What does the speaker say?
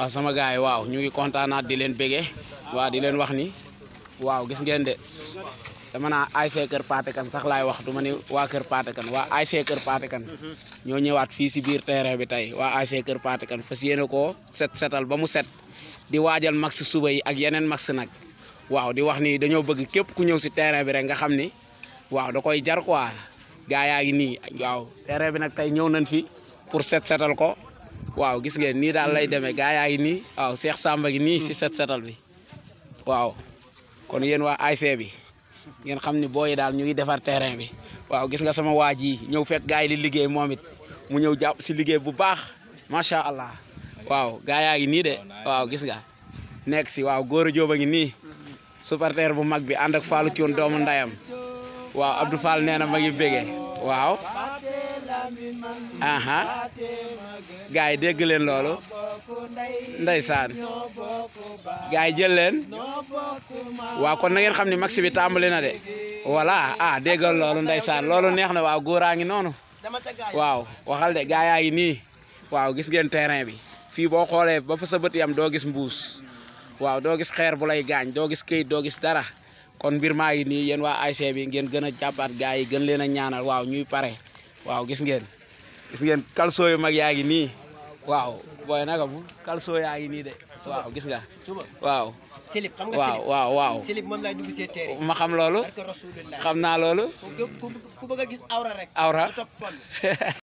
ah sama gars yi waaw ñu ngi kontaanaat di leen bége waaw di leen wax ni waaw gis ngeen de dama naa ASC Kër sax laay wax ma ni waa Kër Pathé Kane waa ASC Kër Pathé ñoo ñëwaat fii si biir terrain bi tey waa ASC Kër Pathé Kane fas yéene koo set setal ba mu set di waajal max suba yi ak yeneen maks nag waaw di wax ni dañoo bëgg képp ku ñëw si terrain bi rek nga xam ni waaw da koy jar quoi gaa yaa ngi nii bi nag tey ñëw nañ fi pour set setal ko waaw gis ngeen nii daal lay demee gaa yaa ngi nii waaw Cheikh Samba gi nii si set setal bi waaw kon yéen waa ASC bi ngeen xam ni booy daal ñu ngi defar terrain bi waaw gis nga sama waa ji ñëw fekk gaa yi di liggéey moom it mu ñëw jàpp si liggéey bu baax macha allah waaw gaa yaa ngi nii de waaw gis nga nekk si waaw góor a jóoba ngi nii supporter bu mag bi ànd ak Fallou Thion doomu ndayam waaw Abdou Fall nee na ma waaw aha gaay yi dégg leen loolu ndeysaan gaay yi jël leen waaw kon na xam ne max bi tàmbali na de wala ah déggal loolu ndeysaan loolu neex na waaw góoraa ngi noonu waaw waxal de gaay yaa ngi nii waaw gis ngeen terrain bi fii boo xoolee ba fa sa bët yam doo gis mbuus waaw doo gis xeer bu lay gaañ doo gis këyit doo gis dara kon mbir maa ngi nii yéen waa ASC bi ngeen gën a jàppaat gaay yi gën leen a ñaanal waaw ñuy pare waaw gis ngeen gis ngeen kalso yu mag yaa ngi nii waaw booy naka bu kalso yaa ngi nii de waaw gis nga waaw silib xam nga silib waaw waaw ma xam loolu xam naa loolu bëgg a gis awra